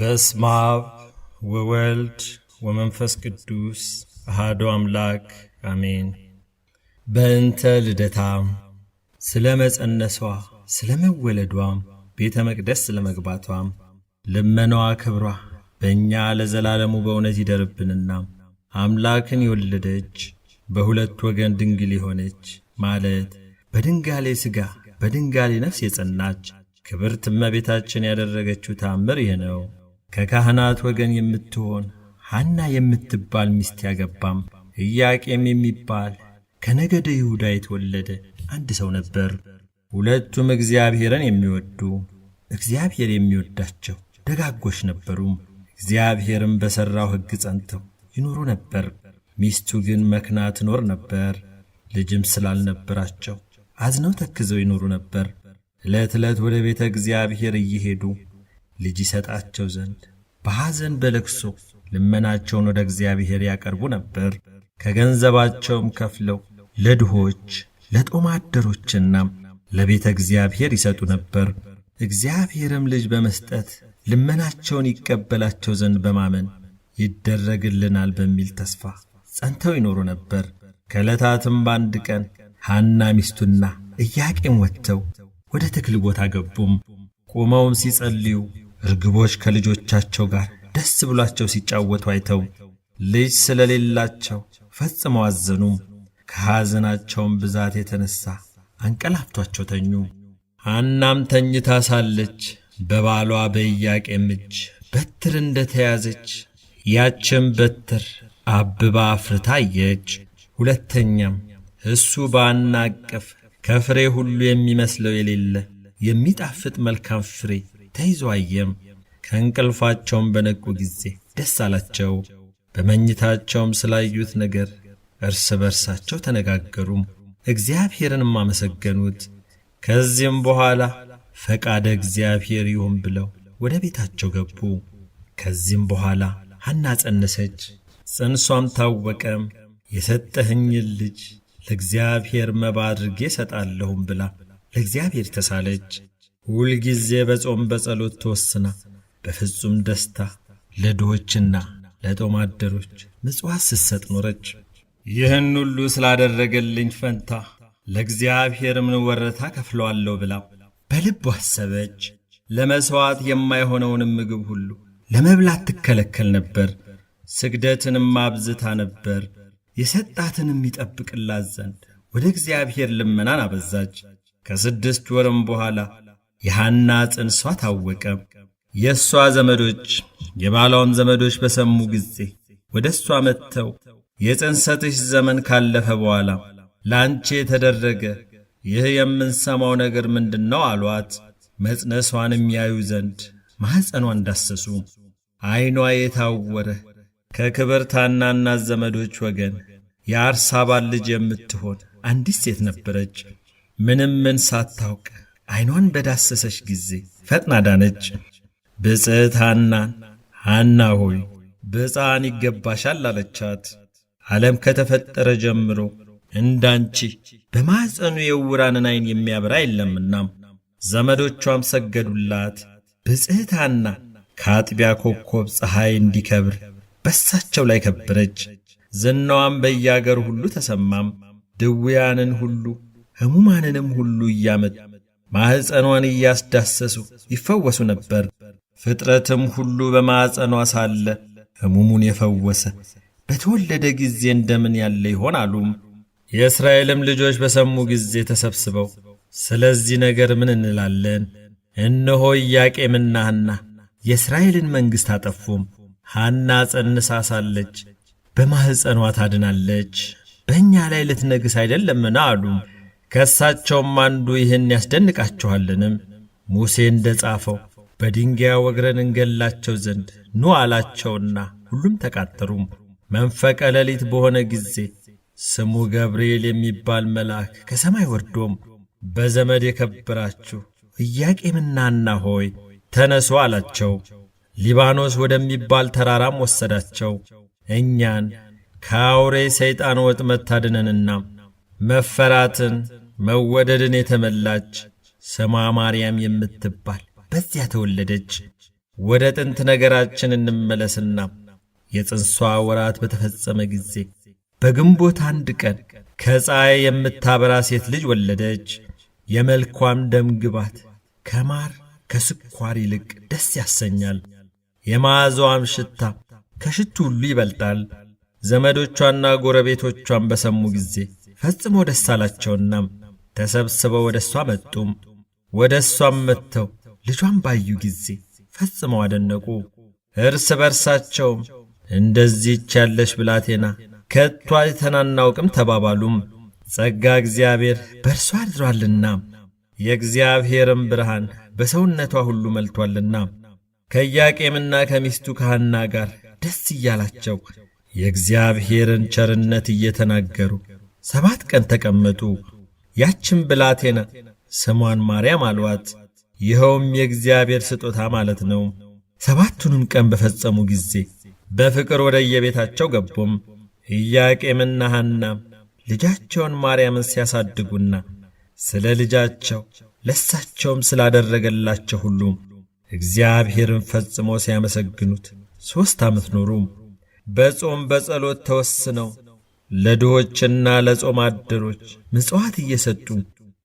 በስመ አብ ወወልድ ወመንፈስ ቅዱስ አሐዱ አምላክ አሜን። በእንተ ልደታም ስለ መጸነሷ ስለ መወለዷም ቤተ መቅደስ ስለ መግባቷም ልመናዋ ክብሯ በእኛ ለዘላለሙ በእውነት ይደርብንና አምላክን የወለደች በሁለት ወገን ድንግል የሆነች ማለት በድንጋሌ ሥጋ በድንጋሌ ነፍስ የጸናች ክብርት እመቤታችን ያደረገችው ታምር ይህ ነው። ከካህናት ወገን የምትሆን ሐና የምትባል ሚስት ያገባም እያቄም የሚባል ከነገደ ይሁዳ የተወለደ አንድ ሰው ነበር። ሁለቱም እግዚአብሔርን የሚወዱ እግዚአብሔር የሚወዳቸው ደጋጎች ነበሩ። እግዚአብሔርም በሠራው ሕግ ጸንተው ይኖሩ ነበር። ሚስቱ ግን መክና ትኖር ነበር። ልጅም ስላልነበራቸው አዝነው ተክዘው ይኖሩ ነበር። ዕለት ዕለት ወደ ቤተ እግዚአብሔር እየሄዱ ልጅ ይሰጣቸው ዘንድ በሐዘን በለቅሶ ልመናቸውን ወደ እግዚአብሔር ያቀርቡ ነበር። ከገንዘባቸውም ከፍለው ለድሆች ለጦም አደሮችና ለቤተ እግዚአብሔር ይሰጡ ነበር። እግዚአብሔርም ልጅ በመስጠት ልመናቸውን ይቀበላቸው ዘንድ በማመን ይደረግልናል በሚል ተስፋ ጸንተው ይኖሩ ነበር። ከዕለታትም በአንድ ቀን ሐና ሚስቱና ኢያቄም ወጥተው ወደ ተክል ቦታ ገቡም። ቆመውም ሲጸልዩ እርግቦች ከልጆቻቸው ጋር ደስ ብሏቸው ሲጫወቱ አይተው ልጅ ስለሌላቸው ፈጽመው አዘኑም። ከሐዘናቸውም ብዛት የተነሳ አንቀላፍቷቸው ተኙ። ሐናም ተኝታ ሳለች በባሏ በኢያቄም እጅ በትር እንደ ተያዘች ያችም በትር አብባ አፍርታ አየች። ሁለተኛም እሱ ባና አቀፍ ከፍሬ ሁሉ የሚመስለው የሌለ የሚጣፍጥ መልካም ፍሬ ተይዞ አየም። ከእንቅልፋቸውም በነቁ ጊዜ ደስ አላቸው። በመኝታቸውም ስላዩት ነገር እርስ በርሳቸው ተነጋገሩም፣ እግዚአብሔርንም አመሰገኑት። ከዚህም በኋላ ፈቃደ እግዚአብሔር ይሁን ብለው ወደ ቤታቸው ገቡ። ከዚህም በኋላ ሐና ጸነሰች፣ ጽንሷም ታወቀም። የሰጠህኝን ልጅ ለእግዚአብሔር መባ አድርጌ ሰጣለሁም ብላ ለእግዚአብሔር ተሳለች። ሁልጊዜ በጾም በጸሎት ተወስና በፍጹም ደስታ ለድሆችና ለጦም አደሮች ምጽዋት ስትሰጥ ኖረች። ይህን ሁሉ ስላደረገልኝ ፈንታ ለእግዚአብሔር ምን ወረታ ከፍለዋለሁ ብላ በልብ አሰበች። ለመሥዋዕት የማይሆነውንም ምግብ ሁሉ ለመብላት ትከለከል ነበር። ስግደትንም አብዝታ ነበር። የሰጣትንም ይጠብቅላት ዘንድ ወደ እግዚአብሔር ልመናን አበዛች። ከስድስት ወርም በኋላ የሐና ጽንሷ ታወቀ። የእሷ ዘመዶች የባሏም ዘመዶች በሰሙ ጊዜ ወደ እሷ መጥተው የጽንሰትሽ ዘመን ካለፈ በኋላ ለአንቺ የተደረገ ይህ የምንሰማው ነገር ምንድን ነው? አሏት። መጽነሷን የሚያዩ ዘንድ ማኅፀኗ እንዳሰሱ ዐይኗ የታወረ ከክብር ታናናት ዘመዶች ወገን የአርሳባን ልጅ የምትሆን አንዲት ሴት ነበረች። ምንም ምን ሳታውቅ አይኗን በዳሰሰች ጊዜ ፈጥና ዳነች። ብፅዕት ሐናን ሐና ሆይ ብፃን ይገባሻል አለቻት። ዓለም ከተፈጠረ ጀምሮ እንዳንቺ በማኅፀኑ የዕውራንን ዐይን የሚያበራ የለምና ዘመዶቿም ሰገዱላት። ብፅዕት ሐና ከአጥቢያ ኮከብ ፀሐይ እንዲከብር በሳቸው ላይ ከበረች። ዝናዋም በያገር ሁሉ ተሰማም። ድውያንን ሁሉ ሕሙማንንም ሁሉ እያመጡ ማኅፀኗን እያስዳሰሱ ይፈወሱ ነበር። ፍጥረትም ሁሉ በማኅፀኗ ሳለ ሕሙሙን የፈወሰ በተወለደ ጊዜ እንደምን ያለ ይሆን አሉም። የእስራኤልም ልጆች በሰሙ ጊዜ ተሰብስበው ስለዚህ ነገር ምን እንላለን? እነሆ ኢያቄምና ሐና የእስራኤልን መንግሥት አጠፉም። ሐና ጸንሳ ሳለች በማኅፀኗ ታድናለች፣ በእኛ ላይ ልትነግሥ አይደለምን? አሉም ከእሳቸውም አንዱ ይህን ያስደንቃችኋልን? ሙሴ እንደ ጻፈው በድንጋይ ወግረን እንገላቸው ዘንድ ኑ አላቸውና ሁሉም ተቃጠሩም መንፈቀ ሌሊት በሆነ ጊዜ ስሙ ገብርኤል የሚባል መልአክ ከሰማይ ወርዶም በዘመድ የከብራችሁ እያቄምናና ሆይ ተነሱ አላቸው። ሊባኖስ ወደሚባል ተራራም ወሰዳቸው። እኛን ከአውሬ ሰይጣን ወጥመድ ታድነንና መፈራትን መወደድን የተመላች ስሟ ማርያም የምትባል በዚያ ተወለደች። ወደ ጥንት ነገራችን እንመለስና የጽንሷ ወራት በተፈጸመ ጊዜ በግንቦት አንድ ቀን ከፀሐይ የምታበራ ሴት ልጅ ወለደች። የመልኳም ደም ግባት ከማር ከስኳር ይልቅ ደስ ያሰኛል። የመዓዛዋም ሽታ ከሽቱ ሁሉ ይበልጣል። ዘመዶቿና ጎረቤቶቿን በሰሙ ጊዜ ፈጽሞ ደስ አላቸውና ተሰብስበው ወደ እሷ መጡም። ወደ እሷም መጥተው ልጇን ባዩ ጊዜ ፈጽመው አደነቁ። እርስ በርሳቸውም እንደዚህች ያለች ብላቴና ከቶ አይተን አናውቅም ተባባሉም። ጸጋ እግዚአብሔር በእርሷ አድሯልና የእግዚአብሔርም ብርሃን በሰውነቷ ሁሉ መልቶአልና ከኢያቄምና ከሚስቱ ከሐና ጋር ደስ እያላቸው የእግዚአብሔርን ቸርነት እየተናገሩ ሰባት ቀን ተቀመጡ። ያችን ብላቴና ስሟን ማርያም አሏት። ይኸውም የእግዚአብሔር ስጦታ ማለት ነው። ሰባቱንም ቀን በፈጸሙ ጊዜ በፍቅር ወደ የቤታቸው ገቡም። ኢያቄምና ሐናም ልጃቸውን ማርያምን ሲያሳድጉና ስለ ልጃቸው ለሳቸውም ስላደረገላቸው ሁሉ እግዚአብሔርን ፈጽሞ ሲያመሰግኑት ሦስት ዓመት ኖሩ። በጾም በጸሎት ተወስነው ለድሆችና ለጾም አደሮች ምጽዋት እየሰጡ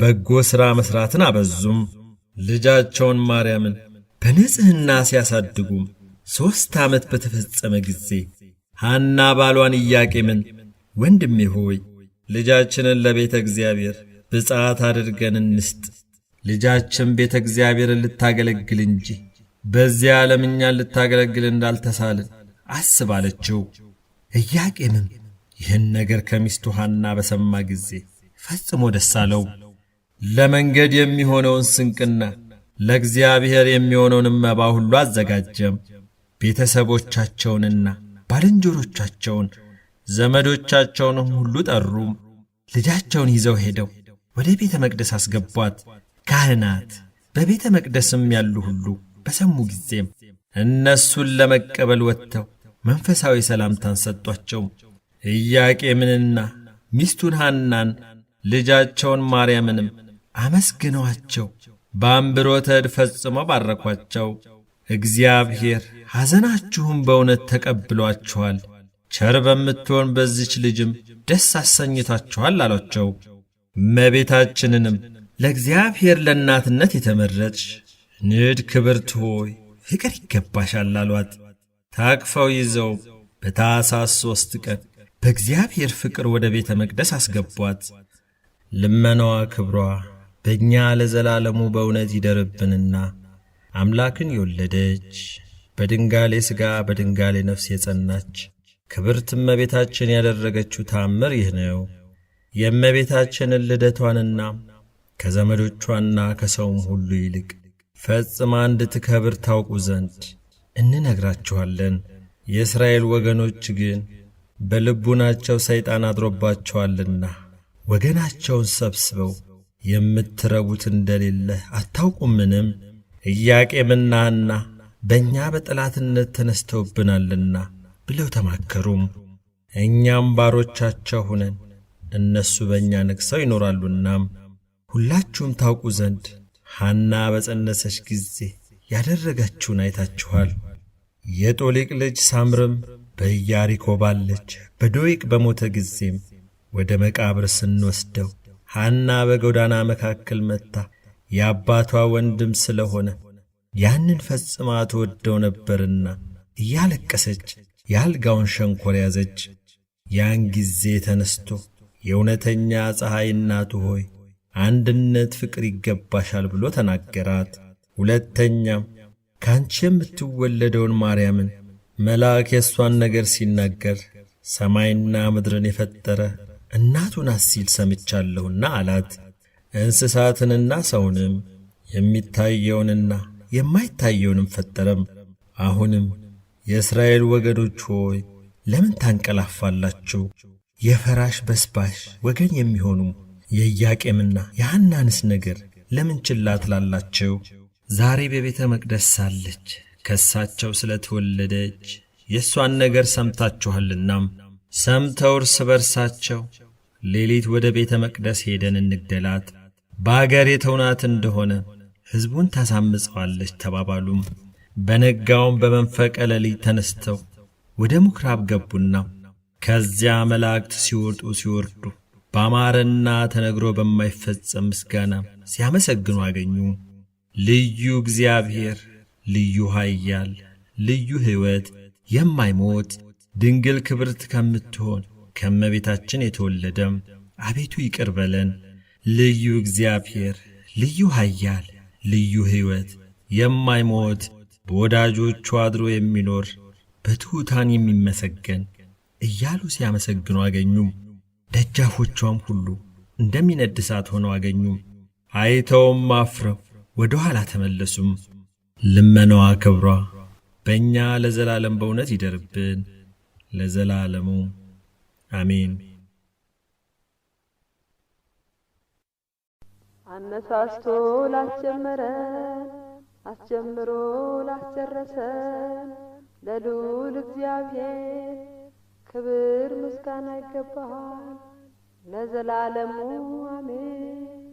በጎ ሥራ መሥራትን አበዙም። ልጃቸውን ማርያምን በንጽሕና ሲያሳድጉም ሦስት ዓመት በተፈጸመ ጊዜ ሐና ባሏን ኢያቄምን ወንድሜ ሆይ ልጃችንን ለቤተ እግዚአብሔር ብጻት አድርገን እንስጥ፣ ልጃችን ቤተ እግዚአብሔርን ልታገለግል እንጂ በዚያ ዓለም እኛን ልታገለግል እንዳልተሳልን አስባለችው። ኢያቄምም ይህን ነገር ከሚስቱ ሐና በሰማ ጊዜ ፈጽሞ ደስ አለው። ለመንገድ የሚሆነውን ስንቅና ለእግዚአብሔር የሚሆነውን መባ ሁሉ አዘጋጀም። ቤተሰቦቻቸውንና ባልንጀሮቻቸውን ዘመዶቻቸውንም ሁሉ ጠሩም። ልጃቸውን ይዘው ሄደው ወደ ቤተ መቅደስ አስገቧት። ካህናት በቤተ መቅደስም ያሉ ሁሉ በሰሙ ጊዜም እነሱን ለመቀበል ወጥተው መንፈሳዊ ሰላምታን ሰጧቸውም። ኢያቄምንና ሚስቱን ሐናን ልጃቸውን ማርያምንም አመስግነዋቸው በአንብሮተ እድ ፈጽመው ባረኳቸው። እግዚአብሔር ሐዘናችሁም በእውነት ተቀብሏችኋል፣ ቸር በምትሆን በዚች ልጅም ደስ አሰኝታችኋል አሏቸው። መቤታችንንም ለእግዚአብሔር ለእናትነት የተመረጥሽ ንድ ክብርት ሆይ ፍቅር ይገባሻል አሏት። ታቅፈው ይዘው በታሳስ ሦስት ቀን በእግዚአብሔር ፍቅር ወደ ቤተ መቅደስ አስገቧት። ልመናዋ ክብሯ በእኛ ለዘላለሙ በእውነት ይደርብንና አምላክን የወለደች በድንጋሌ ሥጋ በድንጋሌ ነፍስ የጸናች ክብርት እመቤታችን ያደረገችው ታምር ይህ ነው። የእመቤታችንን ልደቷንና ከዘመዶቿና ከሰውም ሁሉ ይልቅ ፈጽማ እንድትከብር ታውቁ ዘንድ እንነግራችኋለን። የእስራኤል ወገኖች ግን በልቡናቸው ሰይጣን አድሮባቸዋልና ወገናቸውን ሰብስበው የምትረቡት እንደሌለ አታውቁምንም? ኢያቄምና ሐና በእኛ በጠላትነት ተነስተውብናልና ብለው ተማከሩም። እኛም ባሮቻቸው ሁነን እነሱ በእኛ ነግሠው ይኖራሉናም። ሁላችሁም ታውቁ ዘንድ ሐና በጸነሰች ጊዜ ያደረጋችሁን አይታችኋል። የጦሊቅ ልጅ ሳምርም በኢያሪኮ ባለች በዶይቅ በሞተ ጊዜም ወደ መቃብር ስንወስደው ሐና በጎዳና መካከል መታ የአባቷ ወንድም ሆነ ያንን ፈጽማ ትወደው ነበርና እያለቀሰች የአልጋውን ሸንኮር ያዘች። ያን ጊዜ ተነስቶ የእውነተኛ ፀሐይ እናቱ ሆይ አንድነት ፍቅር ይገባሻል ብሎ ተናገራት። ሁለተኛም ከአንቺ የምትወለደውን ማርያምን መልአክ የእሷን ነገር ሲናገር ሰማይና ምድርን የፈጠረ እናቱን አሲል ሰምቻለሁና አላት። እንስሳትንና ሰውንም የሚታየውንና የማይታየውንም ፈጠረም። አሁንም የእስራኤል ወገኖች ሆይ ለምን ታንቀላፋላችሁ? የፈራሽ በስባሽ ወገን የሚሆኑ የኢያቄምና የሐናንስ ነገር ለምን ችላ ትላላችሁ? ዛሬ በቤተ መቅደስ ሳለች ከሳቸው ስለተወለደች የእሷን ነገር ሰምታችኋልና፣ ሰምተው እርስ በርሳቸው ሌሊት ወደ ቤተ መቅደስ ሄደን እንግደላት፣ በአገር የተውናት እንደሆነ ሕዝቡን ታሳምጸዋለች ተባባሉም። በነጋውም በመንፈቀ ሌሊት ተነስተው ወደ ምኵራብ ገቡና ከዚያ መላእክት ሲወጡ ሲወርዱ በአማረና ተነግሮ በማይፈጸም ምስጋና ሲያመሰግኑ አገኙ። ልዩ እግዚአብሔር ልዩ ኃያል ልዩ ሕይወት የማይሞት ድንግል ክብርት ከምትሆን ከመቤታችን የተወለደም አቤቱ ይቅር በለን። ልዩ እግዚአብሔር ልዩ ኃያል ልዩ ሕይወት የማይሞት በወዳጆቹ አድሮ የሚኖር በትሑታን የሚመሰገን እያሉ ሲያመሰግኑ አገኙም። ደጃፎቿም ሁሉ እንደሚነድ እሳት ሆነው አገኙም። አይተውም አፍረው ወደ ኋላ ተመለሱም። ልመናዋ ክብሯ በእኛ ለዘላለም በእውነት ይደርብን ለዘላለሙ አሜን። አነሳስቶ ላስጀመረን አስጀምሮ ላስጨረሰን ለልዑል እግዚአብሔር ክብር ምስጋና ይገባል ለዘላለሙ አሜን።